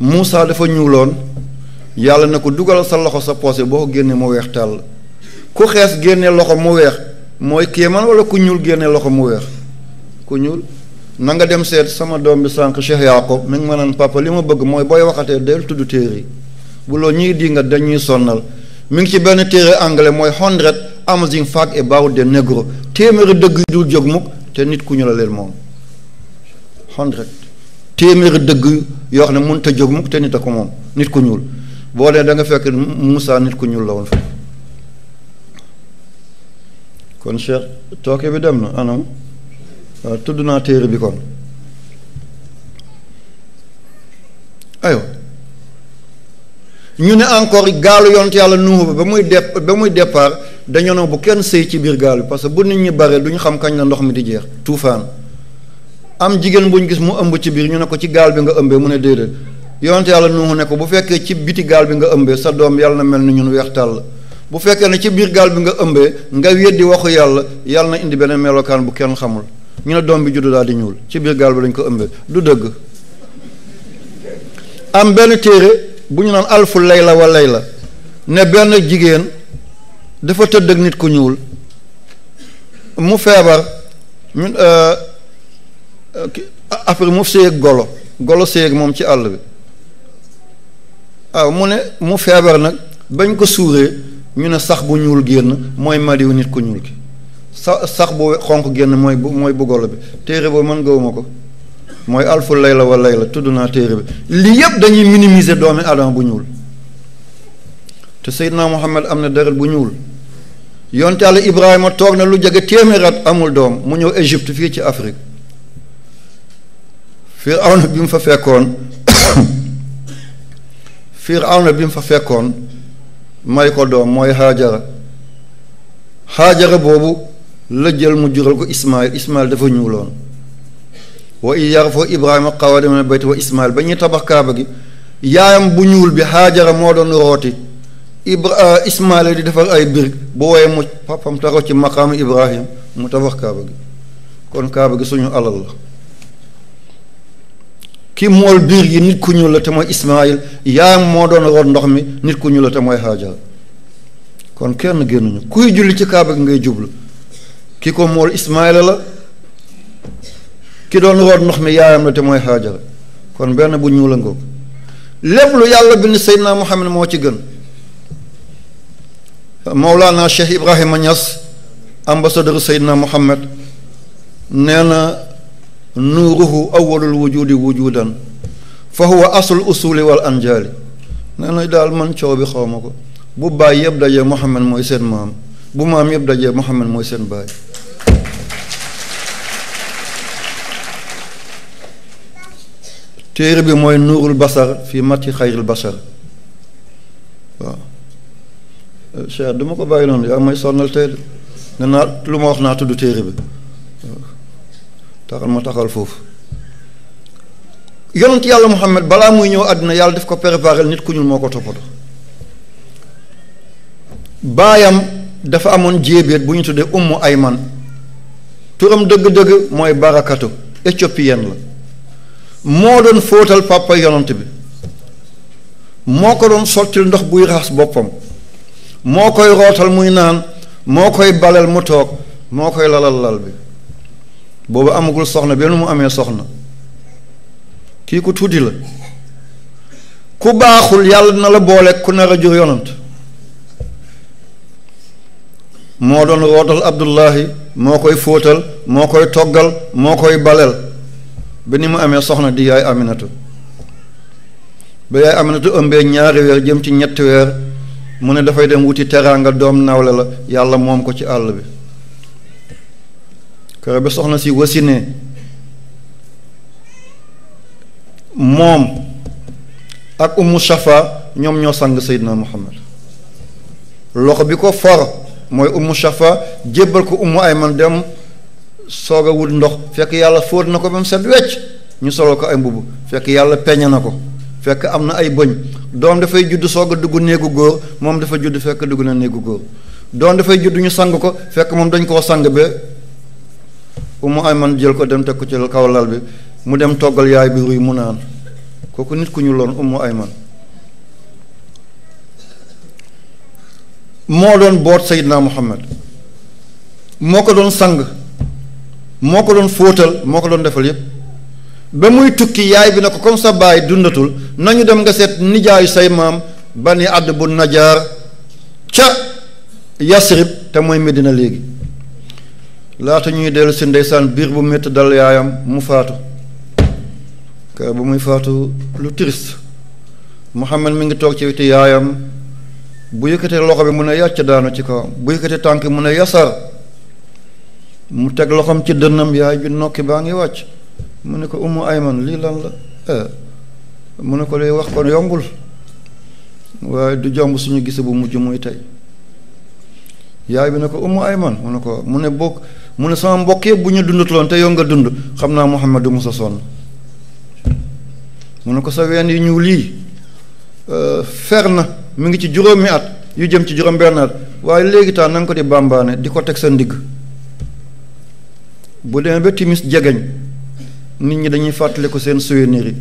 Moussa dafa ñuuloon yàlla na ko dugal sa loxo sa poose boo ko génnee mu weex tàll ku xees génne loxo mu weex mooy kéemaan wala ku ñuul génnee loxo mu weex ku ñuul na nga dem seet sama doom bi sànq Cheikh Yaacob mi ngi ma naan papa li ma bëgg mooy booy waxatee del tudd téere yi bu loolu ñuy di nga dañuy sonnal mu ngi ci benn téere anglais mooy hundred amazing facts about the Negro téeméeri dëgg yi dul jóg mukk te nit ku ñu la leen moom hundred téeméeri dëgg yoo xam ne mënut a jóg mukk te nit a ko moom nit ku ñuul boolee da nga fekk Moussa nit ku ñuul la woon fa kon Cheikh tooke bi dem na anam tudd naa téere bi kon aywa ñu ne encore gaalu yont yàlla nuuhu ba muy depp ba muy départ dañoo ne bu kenn sëy ci biir gaal bi parce que bu nit ñi bare du ñu xam kañ la ndox mi di jeex tuufaan am jigéen ñu gis mu ëmb ci biir ñu ne ko ci gaal bi nga ëmbee mu ne déedéet yonent yàlla nuuxu ne ko bu fekkee ci biti gaal bi nga ëmbee sa doom yàlla na mel ni ñun weex tàll bu fekkee ne ci biir gaal bi nga ëmbee nga weddi waxu yàlla yàlla na indi beneen melokaan bu kenn xamul ñu ne doom bi juddu daal di ñuul ci biir gaal bi lañ ko ëmbee du dëgg am benn téere bu ñu naan alfu layla wa layla ne benn jigéen dafa tëdd nit ku ñuul mu feebar euh, après mu séyeg golo golo séyeg moom ci àll bi waaw mu ne mu feebar nag bañ ko suuree ñu ne sax bu ñuul génn mooy madiw nit ku ñuul ki sa sax bu xonq génn mooy bu mooy bu golo bi téere boobu man gawuma ko mooy alfu layla wa layla tudd naa téere bi lii yëpp dañuy minimiser doomi aadama bu ñuul te Seydina Muhammad am na deret bu ñuul yonte Yàlla Ibrahima toog na lu jege téeméer amul doom mu ñëw Égypte fii ci Afrique firawna bi mu fa fekkoon firawna bi mu fa fekkoon may ko doom mooy xaajara xaajara boobu la jël mu jural ko ismail ismail dafa ñuuloon wa i yarfo ibrahima xawaada mina bayti wa ismail ba ñuy tabax kaaba gi yaayam bu ñuul bi xaajara moo doon rooti ibra euh, di defar ay birig bu wooyee mu papam taro ci maqaamu ibrahim mu tabax kaaba gi kon kaaba gi suñu alal la kii mool biir yi nit ku ñuul la te mooy Ismaayil yaa moo doon roon ndox mi nit ku ñuul la te mooy Hajar kon kenn génnuñu kuy julli ci kaaba gi ngay jublu ki ko mool Ismaayil la ki doon roon ndox mi yaayam la te mooy Hajar kon benn bu ñuul a ko lépp lu yàlla bind Seydina Muhammad moo ci gën Mawlana Cheikh Ibrahima Niass ambassadeur Seydina Muhammad nee na nuuruhu awalul wujudi wujudan fa huwa asul usuli wal anjaali nee na daal man coow bi xaw ma ko bu baay yëpp dajee Muhammad mooy seen maam bu maam yëpp dajee Muhammad mooy seen baay téere bi mooy nuurul basar fii mati xayril basar waaw Cheikh du ko bàyyi noonu yaa may sonnal tey de nee naa lu ma wax naa tudd téere bi taxal ma taxal foofu yonent yàlla Muhammad balaa muy ñëw àddina yàlla def ko préparé nit ku ñuul moo ko toppatoo baayam dafa amoon jéebéet bu ñu tuddee ay man turam dëgg-dëgg mooy barakato éthiopienne la moo doon fóotal papa yonent bi moo ko doon sottil ndox buy raxas boppam moo koy rootal muy naan moo koy balal mu toog moo koy lalal lal bi boobu amagul soxna benn mu amee soxna kii ku tuuti la ku baaxul yàlla dina la boole ku nar a jur yonant moo doon rootal Abdullahi moo koy fóotal moo koy toggal moo koy baleel ba ni mu amee soxna di yaay Aminatu ba yaay Aminatu ëmbee ñaari weer jëm ci ñetti weer mu ne dafay dem wuti teraanga doom nawle la yàlla moom ko ci àll bi kero bi soxna si wasine moom ak ummu shafa ñoom ñoo sang seydina muhammad loxo bi ko for mooy ummu shafa jébbal ko ay man dem soog a wut ndox fekk yàlla fóot na ko ba mu set wecc ñu soloo ko ay mbubb fekk yàlla peñe na ko fekk am na ay bëñ doom dafay judd soog a dugg néegu góor moom dafa judd fekk dugg na néegu góor doom dafay judd ñu sang ko fekk moom dañ koo sang ba Umu man jël ko dem teg ko ci kaw lal bi mu dem toggal yaay bi ruy mu naan kooku nit ku ñu loon Umu Ayman moo doon boot Seydina Muhammad moo ko doon sang moo ko doon fóotal moo ko doon defal yépp ba muy tukki yaay bi na ko comme sa baay dundatul nañu dem nga seet nijaayu say maam ba bani àdd bu najaar ca yasrib te mooy na léegi laata ñuy dellu si ndeysaan biir bu métti dal yaayam mu faatu kër bu muy faatu lu triste Muhammad mi ngi toog ci witi yaayam bu yëkkatee loxo bi mun a yàcc daanu ci kaw bu yëkkatee tànk mun a yasar mu teg loxoom ci dënnam yaay ju nokki baa ngi wàcc mu ne ko Umu Ayman lii lan la eh. mu ne ko lay wax kon yombul waaye du jomb suñu gise bu mujj muy tey yaay bi ne ko Umu Ayman mu ne ko mu ne bokk mu ne sama mbokk bu ñu dundatuloon te yow nga dund xam naa Muhammad du musa sonn mu ne ko sa ween yu ñuul yi euh, fer na mu ngi ci juróomi at yu jëm ci juróom benn at waaye léegi taa na ko di bàmbaane di ko teg sa ndigg bu demee ba timis jegeñ nit ñi dañuy fàttali ko seen souvenirs yi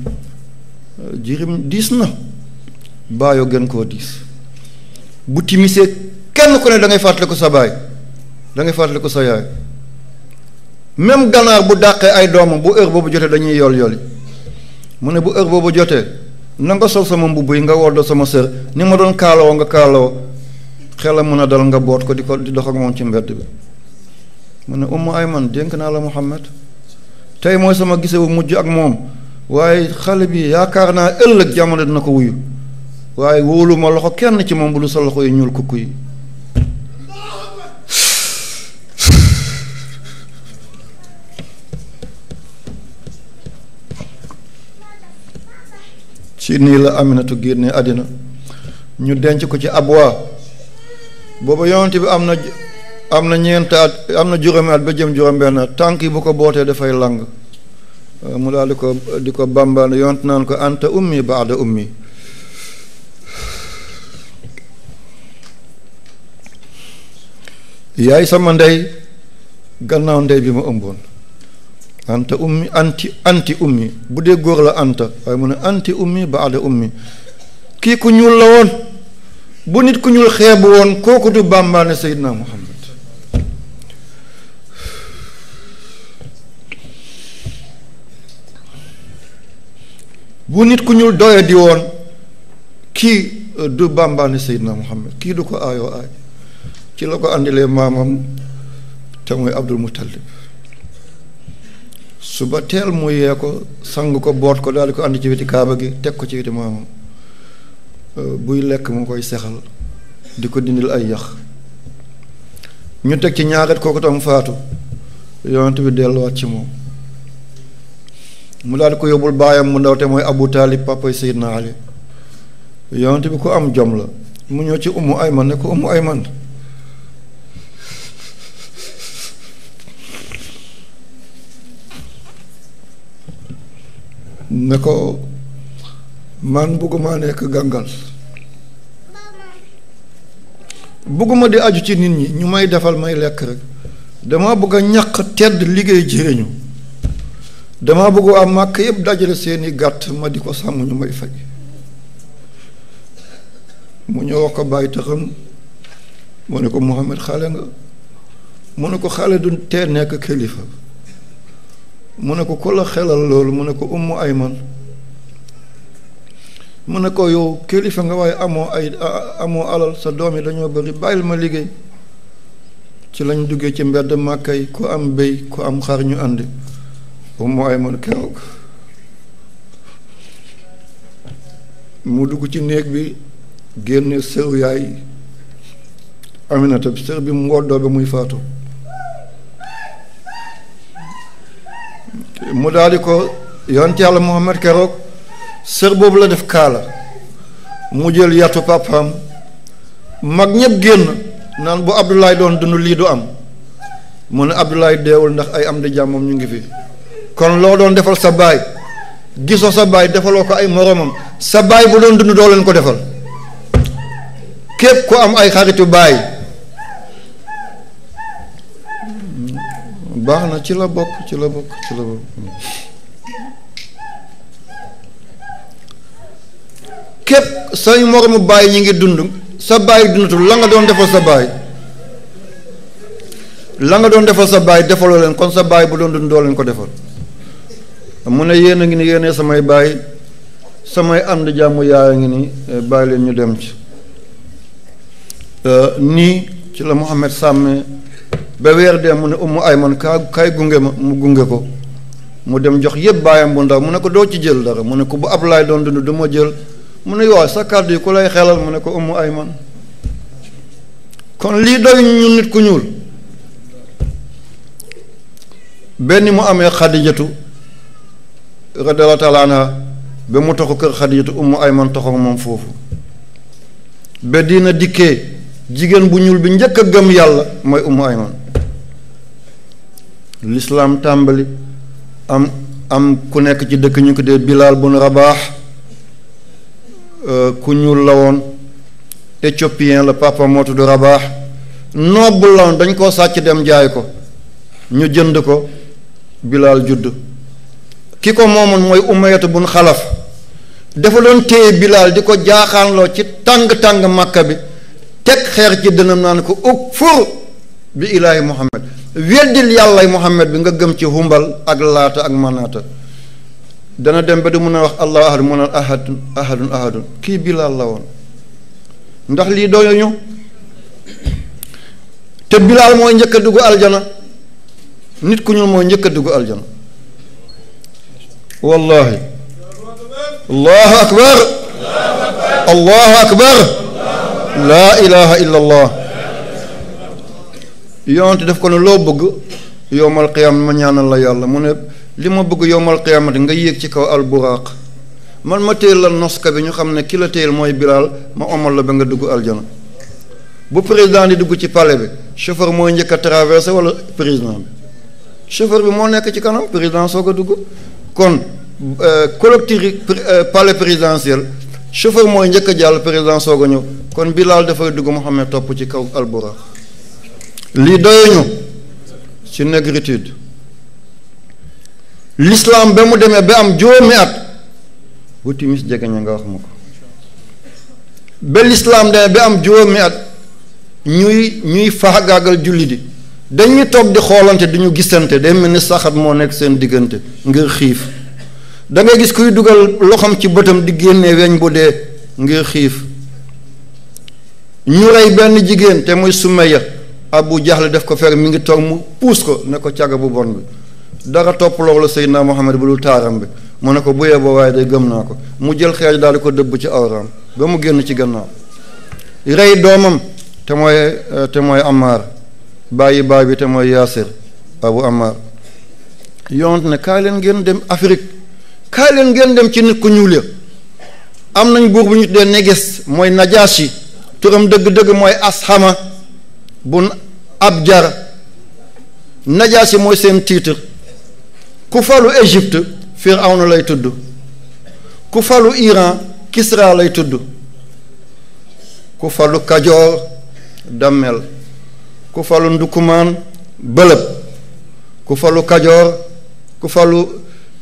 euh, jirim diis na baayoo gën koo diis bu timisee kenn ku ne dangay ngay ko sa baay da ngay ko sa yaay même ganaar bu dàqee ay doomam bu heure boobu jotee dañuy yool yooli mu ne bu heure boobu jotee na nga sol sama mbubb yi nga woddoo sama sër ni ma doon kaalawoo nga kaalawoo xel a mun a dal nga boot ko di ko di dox ak moom ci mbedd bi mu ne ay man dénk naa la Muhammad tey mooy sama gise bu mujj ak moom waaye xale bi yaakaar naa ëllëg jamono dina ko wuyu waaye wóolu ma loxo kenn ci moom bu dul sa loxo yi ñuul kukk yi ci nii la aminatu génne àddina ñu denc ko ci abwa booba yonent bi am na am na ñeenti at am na juróomi at ba jëm juróom-benn tànk yi bu ko bootee dafay lang euh, mu daal di ko di ko bàmbaane yonent naan ko anta ummi baada ummi yaay sama ndey gannaaw ndey bi ma ëmboon anta ummi anti anti ummi bu dee góor la anta waaye mu ne anti ummi ba ada ummi kii ku ñuul la woon bu nit ku ñuul xeebu woon kooku du bàmbaane Seydina Muhammad bu nit ku ñuul doye di woon kii euh, du bàmbaane Seydina Muhammad kii du ko aayoo aay ci la ko àndilee maamam te mooy Abdul Muttalib suba teel mu yee ko sang ko boot ko daal di ko ànd ci weti kaaba gi teg ko ci weti maamam euh, buy lekk mu koy sexal di ko dindil ay yax ñu teg ci ñaaret kooku tam faatu yonent bi delluwaat ci moom mu daal di ko yóbbul baayam mu ndaw te mooy abu taalib pàppaay seydina ali yonent bi ko am jom la mu ñëw ci umu ayman ne ko umu ayman ne ko man bëgguma nekk gàngal bëgguma di aju ci nit ñi ñu may defal may lekk rek dama bëgg a ñaq tedd liggéey jëriñu dama bëgg waa màkk yëpp dajale seeni gàtt ma di ko sàmm ñu may fay mu ñëw wax ko bàyyi taxam mu ne ko Muhammad xale nga mu ne ko xale du tee nekk kilifa mu ne ko ko la xelal loolu mu ne ko ummu ayman mu ne ko yow kilifa nga waaye amoo ay amoo alal sa doom yi dañoo bari bàyyil ma liggéey ci lañ duggee ci mbedd màkka yi ku am béy ku am xar ñu àndi ummu ayman keroog mu dugg ci néeg bi génne sër yaay aminata sër bi mu woddoo ba muy faatu mu daal di ko yonent yàlla Muhammad keroog sër boobu la def kaala mu jël yatu papaam mag ñëpp génn naan bu Abdoulaye doon dund lii du am mu ne Abdoulaye deewul ndax ay am di jàmmoom ñu ngi fi kon loo doon defal sa baay gisoo sa baay defaloo ko ay moromam sa baay bu doon dund doo leen ko defal képp ku am ay xaritu baay baax na ci la bokk ci la bokk ci la bokk képp say moromu bàyyi ñi ngi dund sa bàyyi dundatul la nga doon defal sa bàyyi la nga doon defal sa bàyyi defaloo leen kon sa bàyyi bu doon dund doo leen ko defal mu ne yéen a ngi ni yéenee samay bàyyi samay ànd jàmm yaay a ngi ni eh, bàyyi leen ñu dem ci eh, nii ci la Mouhamed Sàmme ba weer dee mu ne ummu ayman kaa kaay gunge ma mu gunge ko mu dem jox yëpp baayam bu ndaw mu ne ko doo ci jël dara mu ne ko bu Ablaay doon dund du ma jël mu ne waaw sa kàddu yi ku lay xelal mu ne ko ummu ayman kon lii doy ñu nit ku ñuul benn mu amee xadijatu radiyallahu ba mu taxu kër xadijatu ummu ayman taxaw moom foofu ba diina dikkee jigéen bu ñuul bi njëkk a gëm yàlla mooy ummu ayman lislaam tàmbali am am ku nekk ci dëkk ñu ko dee Bilaal bun Rabaax euh, ku ñuul la woon éthiopien la papa moo tudd Rabaax noobu la woon dañ koo sàcc dem jaay ko ñu jënd ko Bilaal judd ki ko moomoon mooy bu bun Xalaf dafa doon téye Bilaal di ko jaaxaanloo ci tàng-tàng màkka bi teg xeer ci dënam naan ko ug fur bi ilaahi muhammad weddil yàllay muhammad bi nga gëm ci humbal ak laata ak manaata dana dem ba du mun a wax allahu ahad mu naan ahadun njëkk a dugg ku ñuul njëkk a dugg aljana laa ilaha illa allah yonent daf ko ne loo bëgg yowmal qiyaama ma ñaanal la yàlla mu ne li ma bëgg yowmal qiyaamati nga yéeg ci kaw alburaaq man ma téyel la noska bi ñu xam ne ki la téyel mooy bilaal ma omal la ba nga dugg aljana bu président di dugg ci pale bi chauffeur mooy njëkk a traversé wala président bi chauffeur bi moo nekk ci kanam président soog a dugg kon euh, collectif euh, pale présidentiel chauffeur mooy njëkk a jàll président soog a ñëw kon bilaal dafay dugg mu xam topp ci kaw alburaaq lii doyuñu ci négritude l'islam ba mu demee ba am juróomi at bu timis jege ña nga wax ma ko ba l'islam demee ba am juróomi at ñuy ñuy faagaagal julli di dañuy toog di xoolante duñu gisante day mel ni saxat moo nekk seen diggante ngir xiif da gis kuy dugal loxoom ci bëtam di génnee weñ bu dee ngir xiif ñu rey benn jigéen te muy sumeya abu jaxle def ko fer mi ngi toog mu puus ko ne ko caga bu bon bi dara topp loolu la Seydina Muhammad bu dul taaram bi mu ne ko bu yeboo waaye day gëm naa ko mu jël xeej daal di ko dëbb ci awraam ba mu génn ci gannaaw rey doomam te mooy te mooy Ammaar bàyyi baay bi te mooy Yaasir abu Ammaar yonent ne kaay leen ngeen dem Afrique kaay leen ngeen dem ci nit ku ñuul ya am nañ buur bu ñu tuddee Néges mooy Najaashi turam dëgg-dëgg mooy Ashama bun abjar najaasi mooy seen titre ku falu Égypte Firawna lay tudd ku falu Iran Kisra lay tudd ku falu Kajoor Dammel ku falu Ndukumaan Bëlëb ku falu Kajoor ku falu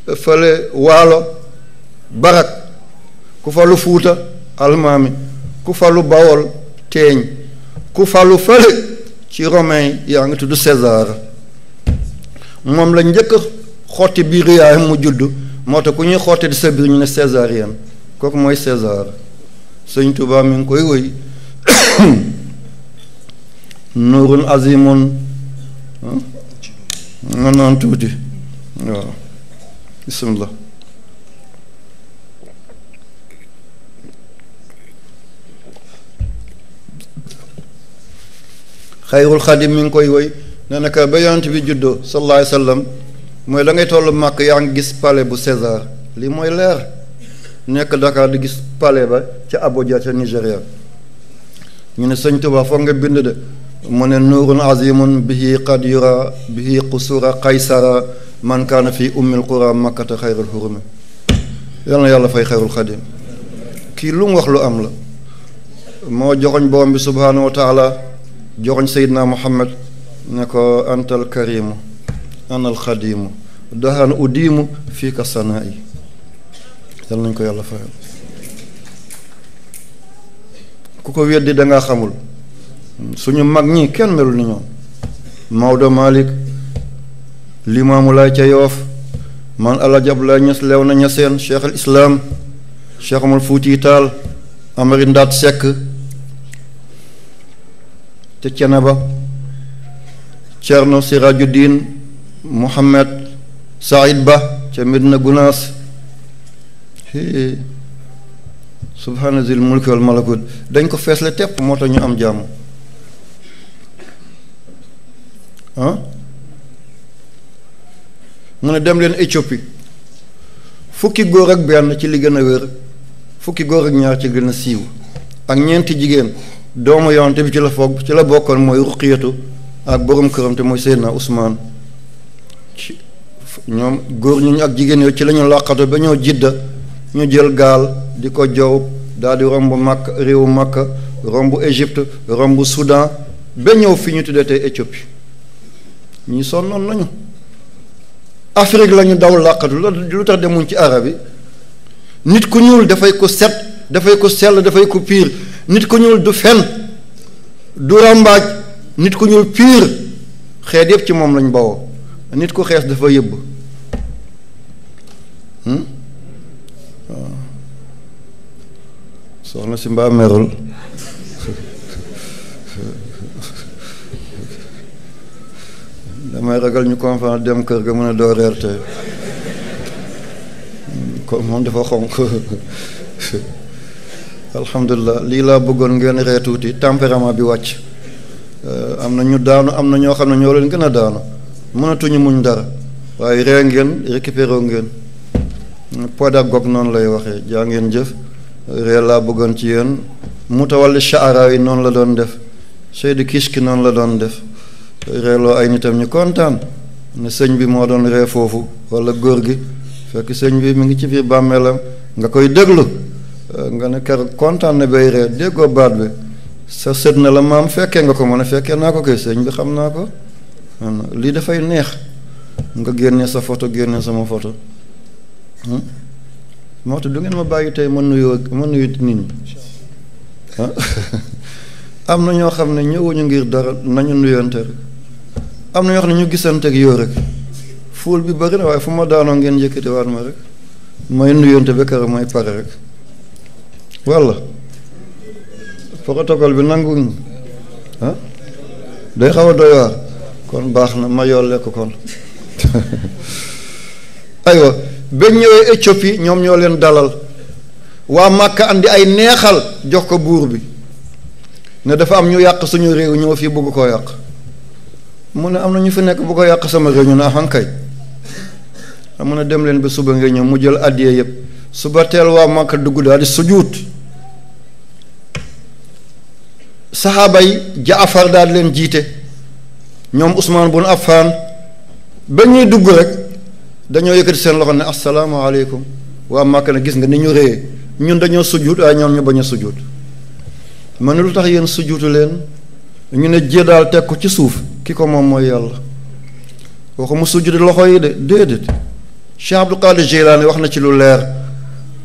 eh, fële Waalo Barak ku falu Fuuta Almaami ku falu Bawol Teeñ ku falu fële ci romain yaa ngi tudd César moom la njëkk xotti biir yaay mu judd moo tax ku ñuy xotti di sa biir ñu ne césarien kooku mooy César sëñ Tuubaa mi ngi koy wéy nuurun azimun nga naan tuuti waaw bismillah xayrul xadim mi ngi koy woy ne naka ba yonent bi juddoo sallallahu alayhi wa sallam mooy da ngay toll màkk yaa ngi gis pale bu César li mooy leer nekk Dakar di gis pale ba ca Abuja ca Nigéria ñu ne sëñ Tuba foog nga bind de mu ne nuurun azimun bihi qad yura bihi qusura qaysara man kaana fi ummil makkata xayrul xurumi yal na yàlla fay xayrul xadim kii lu mu wax lu am la moo joxoñ borom bi subhaanahu wa joxoñ sayidna muhammad ne ko antal karimu anal xadimu daxaan udiimu fii ka sanaa yi yal ko yàlla fayal ku ko weddi danga xamul suñu mag ñi kenn melul ni ñoom Maodo Malick limaamu laay ca yoof man alajab lay ñes leew na ñeseen cheikh al islaam cheikh amul fuuti taal amari ndaat sekk ca Ceneba Cerno Sirajuddin Muhammad Saïd Ba ca Medina Gunaas subhaana zil mulki malakut dañ ko fees la tepp moo tax ñu am jàmm ah mu ne dem leen Éthiopie fukki góor ak benn ci li gën a wér fukki góor ak ñaar ci gën a siiw ak ñeenti jigéen doomu yonte bi ci la foog ci la bokkoon mooy ruqiyatu ak borom këram te mooy Seydina Ousmane ci ñoom góor ñu ak jigéen yooyu ci lañu ñu làqatu ba ñoo jidda ñu jël gaal di ko jow daal di romb màkk réewu màkk romb Égypte romb Soudan ba ñëw fi ñu tuddee tey ñu ñi sonnoon nañu Afrique lañu daw làqatu lu tax demuñ ci arab yi nit ku ñuul dafay ko set dafay ko sell dafay ko piir nit ku ñuul du fen du rambaaj nit ku ñuul piir xeet yëpp ci moom lañ bawoo nit ku xees dafa yëbb hmm? soxna si mbaa merul damay ragal ñu conférence dem kër ga mën a doo reer te comme moom dafa xonq alhamdulilah lii laa bëggoon ngeen ree tuuti tempérament bi wàcc euh, am na ñu daanu am na ñoo xam ne ñoo leen gën a daanu mënatuñu muñ dara waaye ree ngeen récupéré ngeen pédagogue noonu lay waxee jaa ngeen jëf ree laa bëggoon ci yéen mutawalli shaara yi noonu la doon def kiis ki noonu la doon def reeloo ay nitam ñu kontaan ne sëñ bi moo doon ree foofu walla góor gi fekk sëñ bi mu ngi ci biir bàmmeelam nga koy déglu nga ne keroog kontaan na bay reer déggoo baat bi sa sët na la maam fekkee nga ko mën a fekkee naa ko kay sëñ bi xam naa ko lii dafay neex nga génnee sa photo génnee sama photo hmm? moo tax du ngeen ma bàyyi tey ma nuyoo ma nuyu nit ñi ah? am na ñoo xam ne ñëwuñu ngir dara nañu nuyoonte rek am na ñoo xam ne ñu gisante ak yow rek fuul bi bari na waaye fu ma daanoo ngeen yëkkatiwaat ma rek may nuyoonte ba keroog may pare rek walla protocole bi nangu ah day xaw a doy kon baax na ma yolle ko kon aywa ba ñëwee Éthiopie ñoom ñoo leen dalal waa Màkka andi ay neexal jox ko buur bi ne dafa am ñu yàq suñu réew ñoo fii bëgg koo yàq mu ne am na ñu fi nekk bu ko yàq sama réew ñu ne ahan kay mu ne dem leen ba suba nga ñëw mu jël àddiyee yëpp suba teel waa Màkka dugg daal di sujuut saxaaba ja jaafar daal leen jiite ñoom Ousmane bun Affan ba ñuy dugg rek dañoo yëkkati seen loxo ne asalaamaaleykum waa Màkka na gis nga ni ñu réyee ñun dañoo sujjuut waaye ñoom ñu bañ a sujjuut ma ne lu tax yéen sujjuutu leen ñu ne jé daal teg ko ci suuf ki ko moom mooy yàlla waxu mu sujjuti loxo yi de déedéet Cheikh Abdou Qadir Jeylaani wax na ci lu leer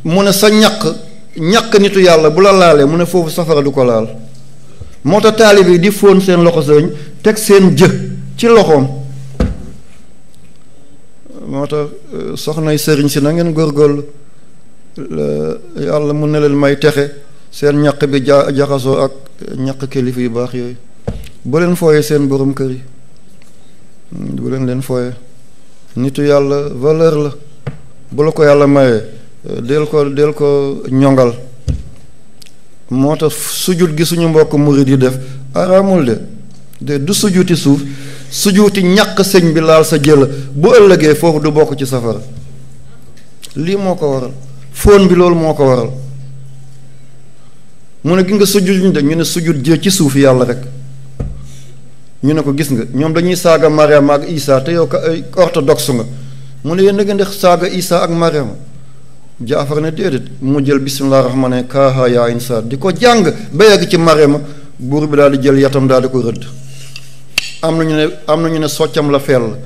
mu ne sa ñaq ñaq nitu yàlla bu la laalee mu ne foofu safara du ko laal moo tax taalib yi di fóon seen loxo sëriñ teg seen jë ci loxoom moo tax euh, soxnay sëriñ si nangeen ngeen góorgóorlu yàlla mun na leen may texe seen ñaq bi jaxasoo ak ñaq kilifa yu baax yooyu bu leen fooyee seen borom kër yi hmm, bu leen leen fooyee nitu yàlla valeur la bu la ko yàlla mayee euh, del ko del ko ñongal moo tax sujut gi suñu mbokk murid yi def araamul de de du sujuti suuf sujuti ñàkk sëñ bi laal sa jëla bu ëllëgee foofu du bokk ci safara lii moo ko waral fóon bi loolu moo ko waral mu ne gi nga sujut de ñu ne sujut jë ci suuf yàlla rek ñu ne ko gis nga ñoom dañuy saaga Mariama ak Isa te yow ka orthodoxe nga mu ne yéen da ngeen di saaga Isa ak Mariama jaafar ne déedéet mu jël bisimilah rahmaani kaaha yaa insaat di ko jàng ba yegg ci mare ma buur bi daal di jël yatam daal di ko rëdd am na ñu ne am na ñu ne soccam la fell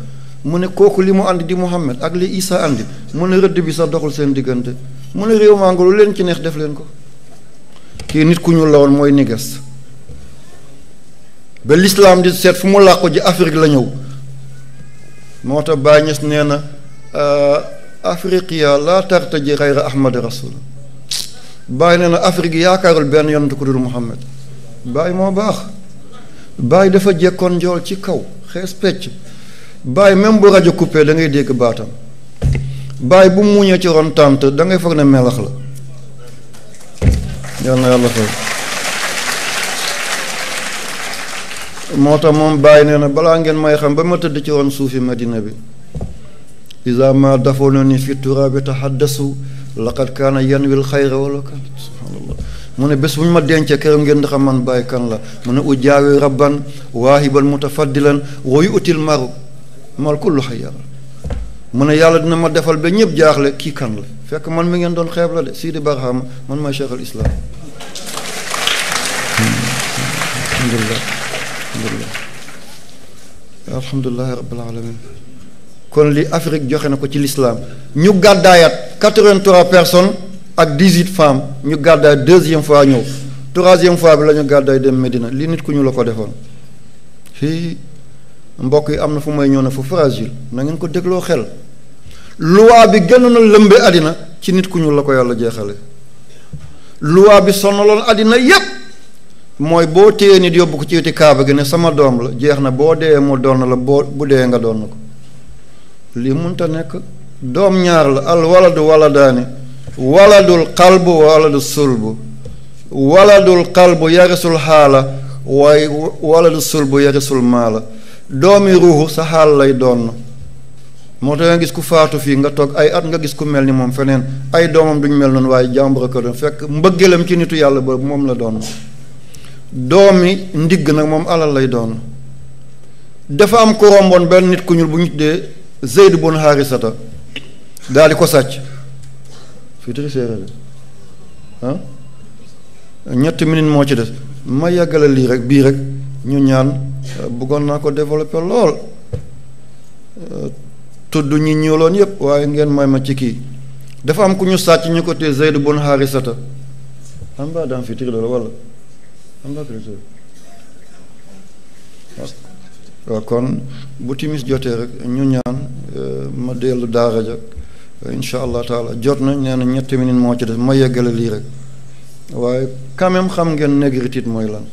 mu ne kooku li mu àndi di Muhammad ak li Isa àndi mu ne rëdd bi sax doxul seen diggante mu ne réew maa lu leen ci neex def leen ko kii nit ku ñuul la woon mooy Négès ba lislaam di seet fu mu làqu ji Afrique la ñëw moo tax Baay Ñas nee na euh, afriqiya laa tartaji xayra ahmad rasul bàyyi nee na afrique yaakaarul benn yonent ku dul muhammad bàyyi moo baax bàyyi dafa jekkoon njool ci kaw xees pecc bàyyi même bu rajo coupé da ngay dégg baatam bàyyi bu muuñee ci ron tànt da ngay foog ne melax la yal na yàlla fay moo tax moom bàyyi nee na balaa ngeen may xam ba ma tëdd ci ron suufi madina bi isa ma dafanuni fi turaabi tahaddasu laqad kaana yanwil xayra wala kan subhaanallah mu ne bés bu ñu ma dencee këram ngeen ndax man bàyyi kan la mu ne ujaawi rabban waahiban mutafaddilan wa yu'til maru mal kullu xayara mu ne yàlla dina ma defal ba ñëpp jaaxle kii kan fekk man mi ngeen doon xeeb la de Sidi Barhama man maay Cheikh al alhamdulilah alhamdulilah alhamdulilah kon li Afrique joxe na ko ci lislaam ñu gàddaayaat 83 personnes ak 18 femmes ñu gàddaay deuxième fois ñëw troisième fois bi lañu ñu gàddaay dem Medina li nit ku ñu la ko defoon fii mbokk yi am na fu may ñëw ne fu fragile na ngeen ko dégloo xel loi bi gën na lëmbe àddina ci nit ku ñu la ko yàlla jeexale loi bi lool àddina yépp mooy boo téye nit yóbbu ko ci iti kaaba gi ne sama doom la jeex na boo dee mu doon la boo bu dee nga doon na ko li munta nekk doom ñaar la al waladu waladaani waladul qalbu waladu sulbu waladul qalbu yarisul xaala waaye waladu sulbu yarisul maala doomi ruuxu sa xaal lay doon moo tax gis ku faatu fii nga toog ay at nga gis ku mel ni moom feneen ay doomam duñ mel noonu waaye jàmbur ko doon fekk mbëggeelam ci nitu yàlla ba moom la doon doomi ndigg nag moom alal lay doon dafa am ku romboon benn nit ku ñuul bu ñu dee Zeyd bun Harisata daal di ko sàcc fitiri séeréer ah ñetti minute moo ci des ma yàggale lii rek bii rek ñu ñaan euh, bëggoon naa ko développer lool euh, tudd ñi ñuuloon yépp waaye ngeen may ma ci kii dafa am ku ñu sàcc ñu ko te Zeyd bun Harisata am baa daan fitiri loolu walla am baa Euh, kon bu timis jotee rek ñu ñaan euh, ma dellu daara ja incha allah taala jot na nee na ñetti minute moo ci def ma yeggale lii rek waaye quand xam ngeen négritude mooy lan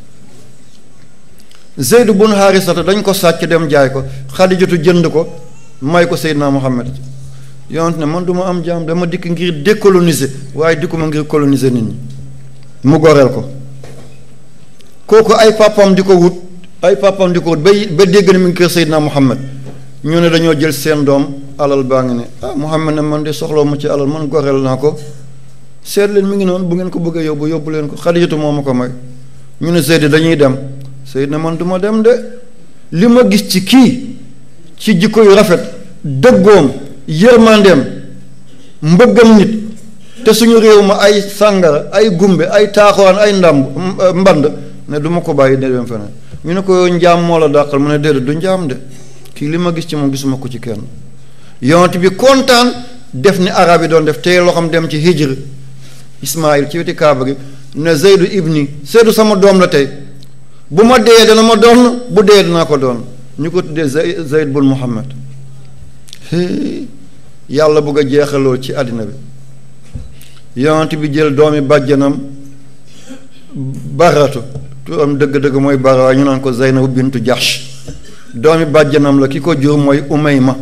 Zeyd bun Harisata dañ ko sàcc dem jaay ko Xadijatu jënd ko may ko naa Muhammad yonent ne man duma ma am jaam dama dikk ngir décoloniser waaye dikkuma ngir coloniser nit ñi mu goreel ko kooku ay papam di ko wut ay papaam di ko ba ba dégg na mi ngi kër Seydina Muhammad ñu ne dañoo jël seen doom alal baa ngi ne ah Muhammad ne man de soxloo ma ci alal man goreel naa ko seet leen mi ngi noonu bu ngeen ko bëggee yóbbu yóbbu leen ko Xadijatu moo ma ko may ñu ne Seydina dañuy dem Seydina man du dem de li ma gis ci kii ci jikko yu rafet dëggoom yërmandeem mbëggam nit te suñu réew ma ay sàngara ay gumbe ay taaxuraan ay ndàmb mband ne duma ko bàyyi ne dem feneen ñu ne ko njaam moo la dàqal mu ne déedéet du njaam de kii li ma gis ci mu gisuma ko ci kenn yonent bi kontaan def ni arab yi doon def tey loo xam dem ci hijr ismail ci weti kaaba gi ne zeydu ibni zeydu sama doom la tey bu ma dee dana ma doon bu dee dinaa ko doon ñu ko tuddee zeyd bul muhammad yàlla bëgg a jeexaloo ci àddina bi yonent bi jël doomi bàjjanam baratu turam dëgg-dëgg mooy Barawa ñu naan ko Zeynabu bintu Jahsh doomi bàjjanam la ki ko jur mooy ma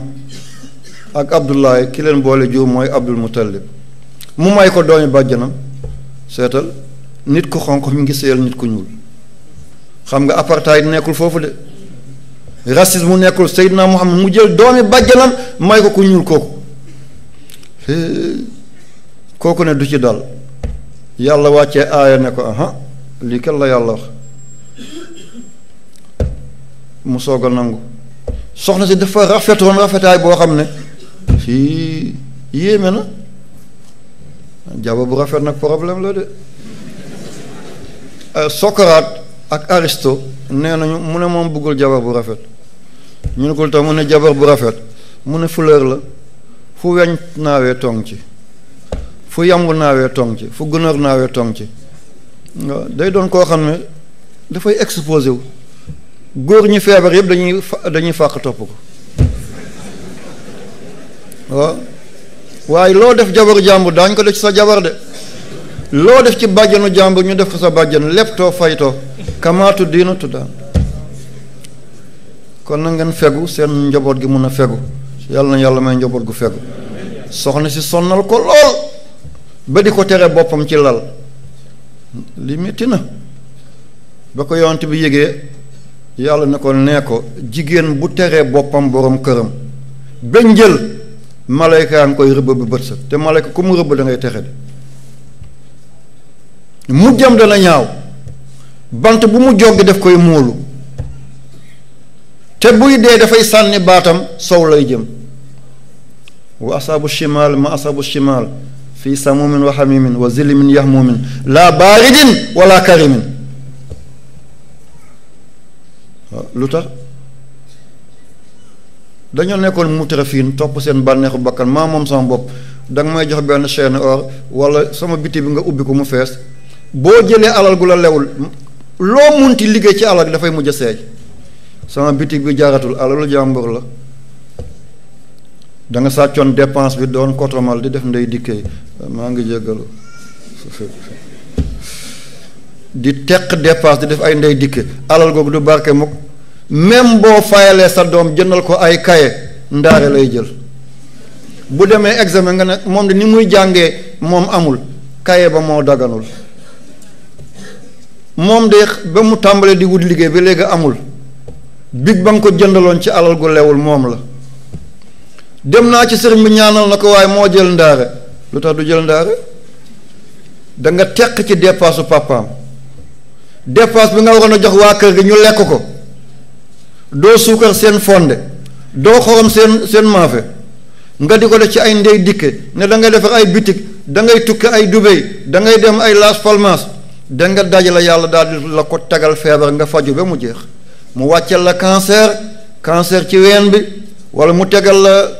ak Abdullahi ki leen boole jur mooy Abdul Muttalib mu may ko doomi bàjjanam seetal nit ku xonq mu ngi sëyal nit ku ñuul xam nga apartheid nekkul foofu de racisme nekkul seyd Muhammad mu mu jël doomi bàjjanam may ko ku ñuul kooku kooku ne du ci dal yàlla wàcce aaya ne ko aha lii kenn la yàlla wax mu soog a nangu soxna si dafa rafetoon rafetaay boo xam ne fii yéeme na jaba bu rafet nag problème la de euh, Socrate ak Aristo nee nañu mu ne moom buggul jabar bu rafet ñu ne ko tam mu ne jabar bu rafet mu ne fleur la fu weñ naawee tong ci fu yamb naawee tong ci fu gënër naawee tong ci day doon koo xam ne dafay exposé wu góor ñi feebar yëpp dañuy dañuy fàq topp ko waaw waaye loo def jabaru jàmbur daañ ko def ci sa jabar de loo def ci bàjjanu jàmbur ñu def ko sa bàjjan lépp too faytoo kamaatu diina tuddaan kon na ngeen fegu seen njaboot gi mun a fegu yàlla na yàlla may njaboot gu fegu soxna si sonnal ko lool ba di ko tere boppam ci lal li metti na ba ko yonent bi yégee yàlla na ko nee ko jigéen bu teree boppam borom këram ba njël malaykaa nga koy rëbb bi bët sa te malayka ku mu rëbb da ngay texe de jëm dana ñaaw bant bu mu joggi daf koy muulu te buy dee dafay sànni baatam sow lay jëm wa asaabu shimal ma fii samumin wa hamimin wa zilli min yahmumin laa baaridin wala karimin lu tax dañoo nekkoon mutrafiin topp seen bànneexu bakkan maa moom sama bopp danga may jox benn chaîne or wala sama biti bi nga ubbi ko mu fees boo jëlee alal gu la lewul loo munti liggéey ci alal dafay mujj seey sama bitig bi jaaratul alalu jàmbur la da nga sàccoon dépense bi doon kotomal di def ndey dikkee maa ngi jéggalu di teq dépense di def ay ndey dikke alal googu du barke mukk même boo fayalee sa doom jëndal ko ay kaye ndaare lay jël bu demee examen nga ne moom de ni muy jàngee moom amul kaye ba moo daganul moom de ba mu tàmbalee di wut liggéey ba léegi amul big ba nga ko jëndaloon ci alal gu lewul moom la dem naa ci sëriñ bi ñaanal na ko waaye moo jël ndaare lu tax du jël ndaare da nga teq ci dépasse papaam dépasse bi nga waroon a jox waa kër gi ñu lekk ko doo suukar seen fonde doo xorom seen seen maafe nga di ko def ci ay ndey dikke ne da ngay defar ay bitig da ngay tukki ay Dubaï da ngay dem ay Las Palmas da nga dajale yàlla daal di la ko tegal feebar nga faju ba mu jeex mu wàccel la cancer cancer ci ween bi wala mu tegal la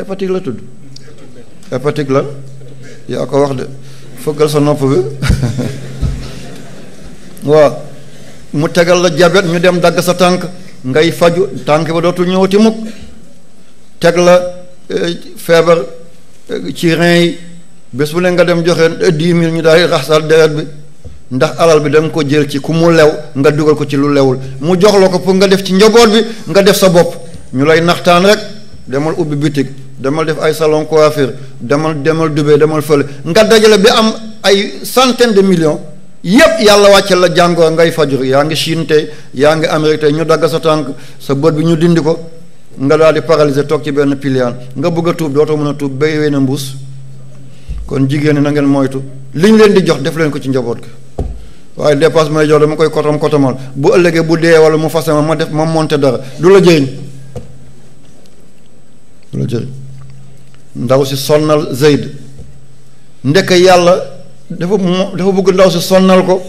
hépatique la tudd hépatique la yaa ko wax de fëggal sa nopp bi waaw mu tegal la jabet ñu dem dagg sa tànk ngay faju tànk ba dootul ñëwati mukk teg la eh, feebar eh, ci rein yi bés bu ne nga dem joxe eh, dix mille ñu daal raxsal deret bi ndax alal bi da nga ko jël ci ku mu lew nga dugal ko ci lu lewul mu jox la ko pour nga def ci njaboot bi nga def sa bopp ñu lay naxtaan rek demal ubbi bitig demal def ay salon coiffure demal demal dubee demal fële nga dajale bi am ay centaine de million yépp yàlla wàcce la jàngoro ngay fajur yaa ngi Chine tey yaa ngi Amérique tey ñu dagg sa tànk sa bët bi ñu dindi ko nga daal di paralysé toog ci benn piliyaan nga bëgg tuub dootoo mën a tuub béy wee na mbuus kon jigéen ñi na ngeen moytu li ñu leen di jox def leen ko ci njaboot gi waaye dépasse may jox dama koy kotom kotomal bu ëllëgee bu dee wala mu fase ma ma def ma monte dara du la jëriñ du ndaw si sonnal Zayd ndekk yàlla dafa mo dafa bëgg ndaw si sonnal ko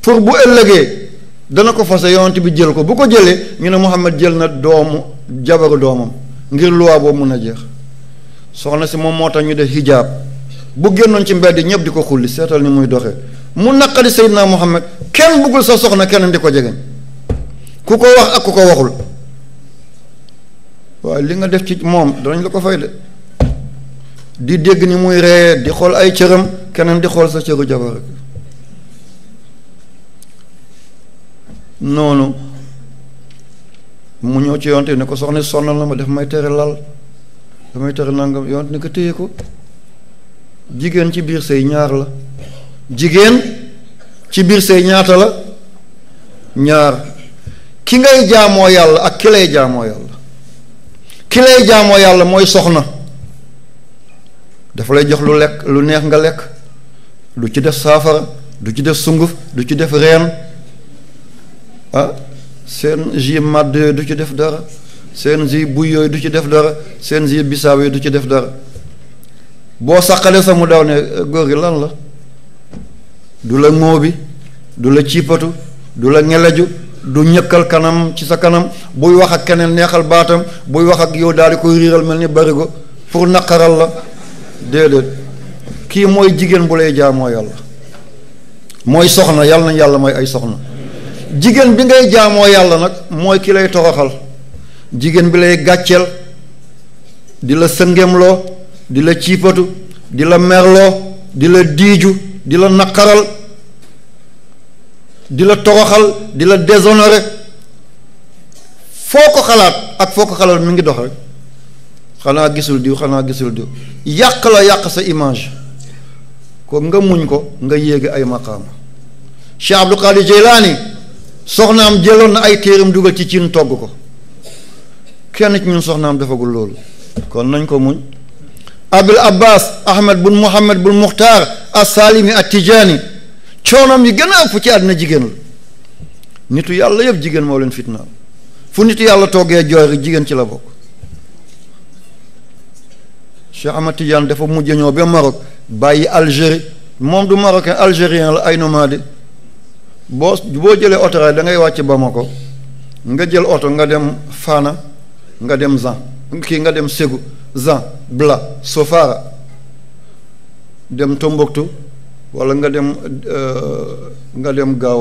pour bu ëllëgee dana ko fase yonent bi jël ko bu ko jëlee ñu ne Muhammad jël na doomu jabaru doomam ngir luwaa boobu mun a jeex soxna si moom moo tax ñu def hijaab bu génnoon ci mbedd ñëpp di ko xulli seetal ni muy doxee mu naqari Seydina Muhammad kenn bëggul sa soxna kenn di ko jegeñ ku ko wax ak ku ko waxul waaw li nga def ci moom danañ la ko fay de di dégg ni muy ree di xool ay cëram keneen di xool sa cëru jabar noonu mu ñëw ci yonte ne ko soxna sonnal na ma daf may tere lal damay tere nangam yonte ne ko téye ko jigéen ci biir say ñaar la jigéen ci biir sëy ñaata la ñaar ki ngay jaamoo yàlla ak ki lay jaamoo yàlla ki lay jaamoo yàlla mooy soxna dafa lay jox lu lekk lu neex nga lekk du ci def saafara du ci def sunguf du ci def reen ah seen ji màdd yooyu du ci def dara seen gi buy yooyu du ci def dara seen gi bisaaw yooyu du ci def dara boo saqalee sa mu daw ne eh, góor gi lan la du la ŋóo bi du la ciipatu du la ŋeleju du ñëkkal kanam ci sa kanam buy wax ak keneen neexal baatam buy wax ak yow daal di koy riiral mel ni barigo pour naqaral la déedéet kii mooy jigéen bu lay jaamoo yàlla mooy soxna yàlla na yàlla mooy ay soxna jigéen bi ngay jaamoo yàlla nag mooy ki lay toroxal jigéen bi lay gàcceel di la sëngemloo di la ciipatu di la merloo di la diiju di la naqaral di la toroxal di la déshonorer foo ko xalaat ak foo ko xalaat mi ngi dox rek xanaa gisul diw xanaa gisul diw yàq la yàq sa image comme nga muñ ko nga yéegi ay maqaama Cheikh Abdou Qadir Jeylaani soxnaam jëloon na ay téeram dugal ci cin togg ko kenn ci ñun soxnaam defagul loolu kon nañ ko muñ Abul Abbas Ahmed bun Muhammad bun Mukhtar as-Salimi at-Tijani coonam yi gën a ëpp ci àddina jigéen la nitu yàlla yëpp jigéen moo leen fitnaal fu nitu yàlla toggee jooy jigéen ci la bokk Cheikh Ahmad Tidiane dafa mujj ñëw be Maroc bàyyi Algérie moom du marocain algérien la ay nomade boo boo jëlee oto da ngay wàcc Bamako nga jël oto nga dem Fana nga dem Zan kii nga dem Ségou Zan Bla Sofara dem Tombouctou wala nga dem euh, nga dem gaaw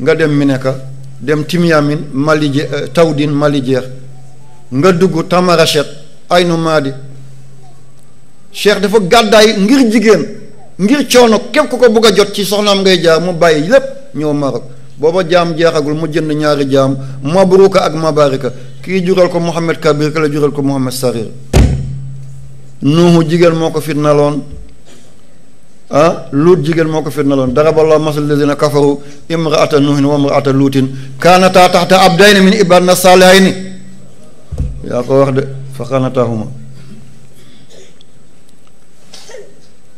nga dem Mineka dem Timyamin Mali je euh, Tawdin Mali jeex nga dugg Tamarachet Aynu Maadi Cheikh dafa gàddaay ngir jigéen ngir coono képp ku ko bugg a jot ci soxnaam ngay jaar mu bàyyi lépp ñëw Maroc booba jaam jeexagul mu jënd ñaari jaam mabruka ak mabarika kii jural ko Mohammed Kabir ka la jural ko Mohammed Sarir nuuhu jigéen moo ko fitnaloon ah luut jigéen moo ko fitnaloon daraballahu masal lazina kafaru imraata nuhin wa imraata luutin kaanataa taxta abdayni min ibadna saalihayni yaa ko wax de fa xanataahuma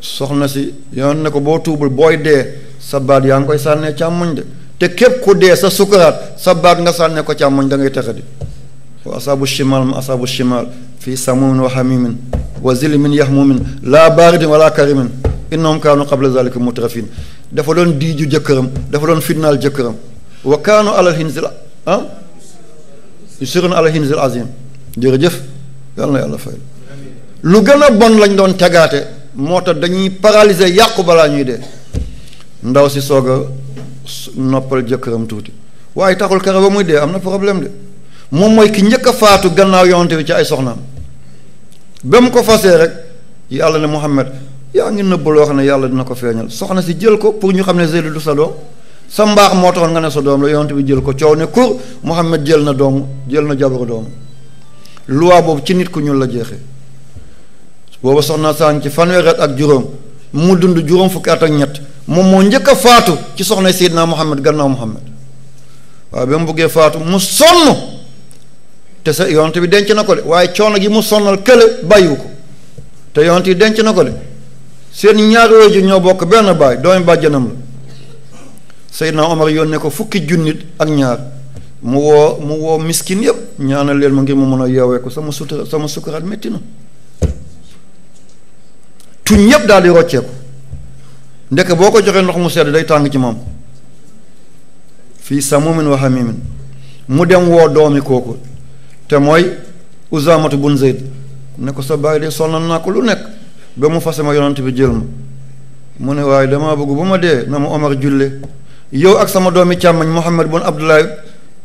soxna si yoon ne ko boo tuubul booy dee sa baat yaa ngi koy sànnee càmmoñ de te képp ku dee sa sukaraat sa baat nga sànnee ko càmmoñ dangay ngay texadi wa asaabu shimal ma asaabu shimal fii samumin wa hamimin wa zilmin yahmumin laa baaridin wala karimin innahum kaanu qabla zalika mutrafin dafa doon diiju jëkkëram dafa doon fitnaal jëkkëram wa kaanu alal hinzil ah surun alal hinzil azim jërëjëf yàlla na yàlla fay bon lañ doon tegaate moo tax dañuy paralyser yàqu balaa ñuy dee si soog a noppal jëkkëram tuuti waaye taxul kara ba muy dee moom mooy ki njëkk faatu gannaaw yonante bi ci ay soxnaam ba mu ko fasee rek yàlla ne Muhammad yaa ngi nëbb loo xam ne yàlla dina ko feeñal soxna si jël ko pour ñu xam ne Zeydu du sa doom sa mbaax moo taxoon nga ne sa doom la yonent bi jël ko coow ne kur Muhammad jël na doom jël na jabaru doom loi boobu ci nit ku ñuul la jeexee boobu soxna saa ngi ci fanweeri at ak juróom mu dund juróom fukki at ak ñett moom moo njëkk faatu ci soxna Seydina Muhammad gannaaw Muhammad waaye ba mu buggee faatu mu sonn te sa yonent bi denc na ko de waaye coono gi mu sonnal kële bàyyiwu ko te yonent yi denc na ko de seen ñaari waajur ñoo bokk benn baay doomi bàjjanam la Seydina Omar yónnee ko fukki junnit ak ñaar mu woo mu woo miskin yëpp ñaanal leen ma ngir mu mën a yeewee ko sama sutura sama sukuraat métti na tuñ yëpp daal di rocceeku ndekk boo ko joxee ndox mu sedd day tàng ci moom fii samumin wa hamimin mu dem woo doomi kooku te mooy usaamatu bun zeyd ne ko sa bàyyi de sonal naa ko lu nekk ba mu fase ma yonent bi jël ma mu ne waaye damaa bëgg bu ma dee na ma Omar julle yow ak sama doomi càmmañ Muhammad bun Abdoulaye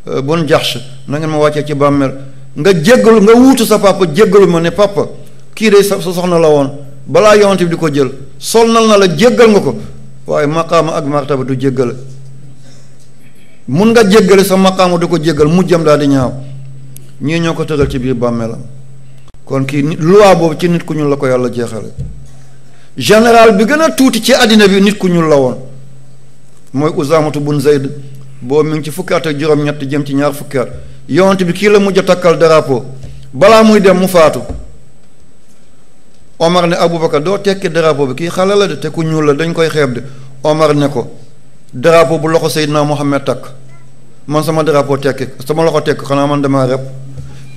euh, bun Jahsh na ngeen ma wàccee ci bàmmeel nga jéggalu nga wuutu sa papa jéggalu ma ne papa kii de sa soxna la woon balaa yonent bi di ko jël solnal na la jéggal nga ko waaye maqaama ak martaba du jéggale mun nga jéggale sa maqaama du ko jéggal mujjam daal di ñaaw ñii ñoo ko tëral ci biir bàmmeelam kon kii loi boobu ci nit ku ñuul la ko yàlla jeexale général bi gën tuuti ci àddina bi nit ku ñuul la woon mooy Usaamatu bun Zayd boobu mi ngi ci fukki at ak juróom-ñett jëm ci ñaar fukki at yonent bi kii la mujj a takkal drapeau balaa muy dem mu faatu Omar ni ne Aboubacar doo tekki drapeau bi kii xale la de te ku ñuul la dañ koy xeeb de Omar ne ko drapeau bu loxo Seydina Mohamed takk man sama drapeau tekki sama loxo tekk xanaa man damaa rep.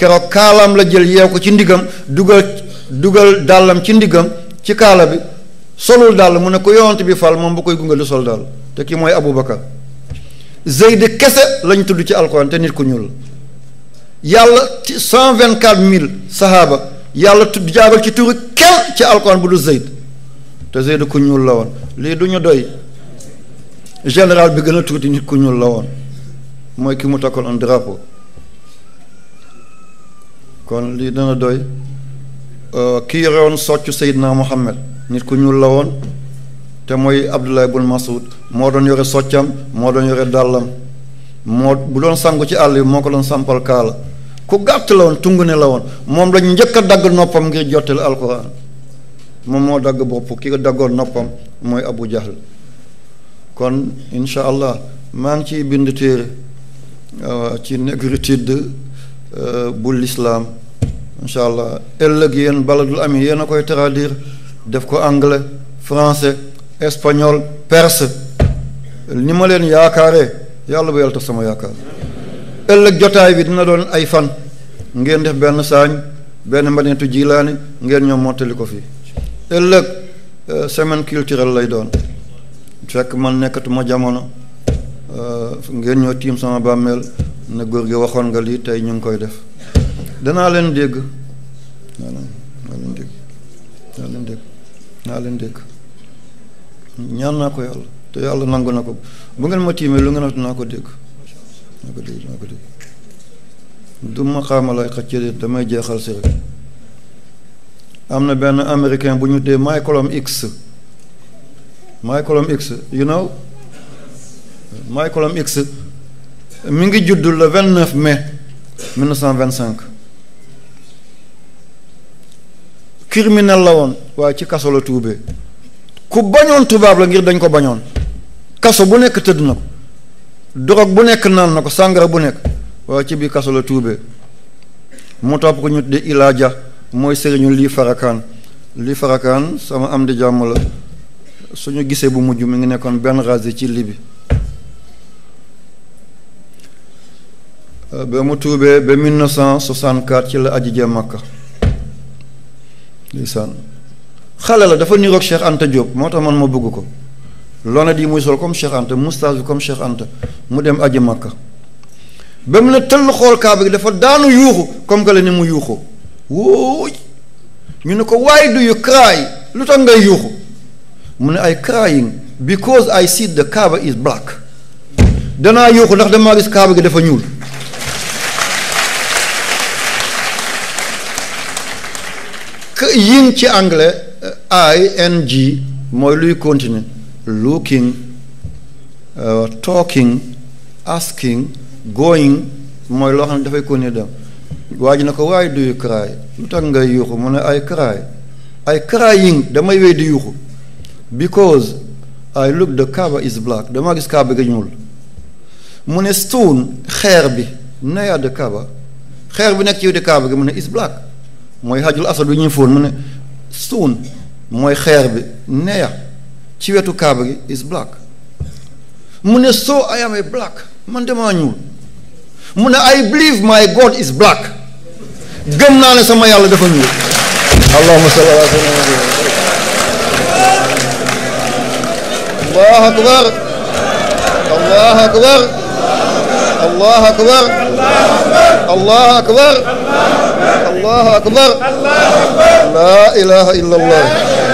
keroog kaalaam la jël yeew ko ci ndiggam dugal dugal dàllam ci ndiggam ci kaala bi solul dàll mu ne ko yonent bi fal moom bu koy gunge du sol dàll te kii mooy Abubakar Zeyd kese lañ tudd ci alxuraan te nit ku ñuul yàlla ci cent vingt quatre mille sahaaba yàlla tudd jaabal ci turu kenn ci alxuraan bu du Zeyd te Zeyd ku ñuul la woon lii du ñu doy général bi gën a tuuti nit ku ñuul la woon mooy ki mu takkoon un drapeau kon lii dana doy euh, ki yore woon soccu Seydina Mohamed nit ku ñuul la woon te mooy Abdullah ibn Mas'ud moo doon yore soccam moo doon yore dàllam moo bu doon sangu ci àll bi moo ko doon sampal kaala ku gàtt la woon tungu ne la woon moom lañ njëkk a dagg noppam ngir jottali alquran moom moo dagg bopp ki ko daggoon noppam mooy Abu Jahl kon incha allah maa ngi ciy bind téere euh, ci négritude euh, bu lislaam incha allah ëllëg yéen baladul ami yéen a koy traduire def ko anglais français espagnol perse ni ma leen yaakaaree yàlla bu yàlla tax sama yaakaar ëllëg jotaay bi dina doon ay fan ngeen def benn saañ benn mbaneetu jilaani ngeen ñoo mottali ko fii ëllëg euh, semaine culturelle lay doon fekk man nekkatuma jamono euh, ngeen ñoo tiim sama bàmmeel na góor gi waxoon nga lii tey ñu ngi koy def danaa leen dégg naa leen dégg naa leen dégg naa leen dégg ñaan naa ko yàlla te yàlla nangu na ko bu ngeen ma tiimee lu ngeen wax naa ko dégg naa ko dégg du ma xaamalay xaccee damay jeexal si rek am na benn américain bu ñu dee Malcolm X Malcolm X you know Malcolm X mi ngi judd le vingt neuf mai mille vingt cinq criminel la woon waaye ci kaso la tuubee ku bañoon tubaab la ngir dañ ko bañoon kaso bu nekk tëdd na ko drogue bu nekk naan na ko sàngara bu nekk waaye ci biir kaso la tuubee mu topp ko ñu tudde ilaaja mooy sëriñu lii farakaan lii farakaan sama am di jàmm la suñu gisee bu mujj mi ngi nekkoon benn razi ci libi ba mu tuubee ba 1964 ci la aji jee Makka ndeysaan xale la dafa niroog Cheikh Anta Diop moo tax man ma bugg ko lonet yi muy sol comme Cheikh Anta moustache bi comme Cheikh Anta mu dem aji Makka ba mu ne tëll xool kaaba gi dafa daanu yuuxu comme que la ni mu yuuxu wóoy ñu ne ko waaye do you cry lu tax ngay yuuxu mu ne ay crying because I see the Kaaba is black danaa yuuxu ndax damaa gis kaaba gi dafa ñuul yin ci anglais euh, ing mooy luy continuer looking uh, talking asking going mooy loo xam ne dafay continuer dem waa na ko waaye duy cry lu tax ngay yuuxu mu ne ay cry ay crying damay wéy di yuuxu because I look the Kaaba is black damaa gis Kaaba gi ñuul mu ne stone xeer bi naya de Kaaba xeer bi nekk ci di Kaaba gi mu ne is black mooy xajul asad bi ñuy fóon mu ne suun mooy xeer bi neex ci wetu kaaba gi is black mu ne soo I am a black man damaa ñuul mu ne I believe my God is black gëm naa ne sama yàlla dafa ñuul allahumma salli ala sayyidina allahu akbar allahu akbar الله أكبر الله أكبر الله أكبر لا إله إلا الله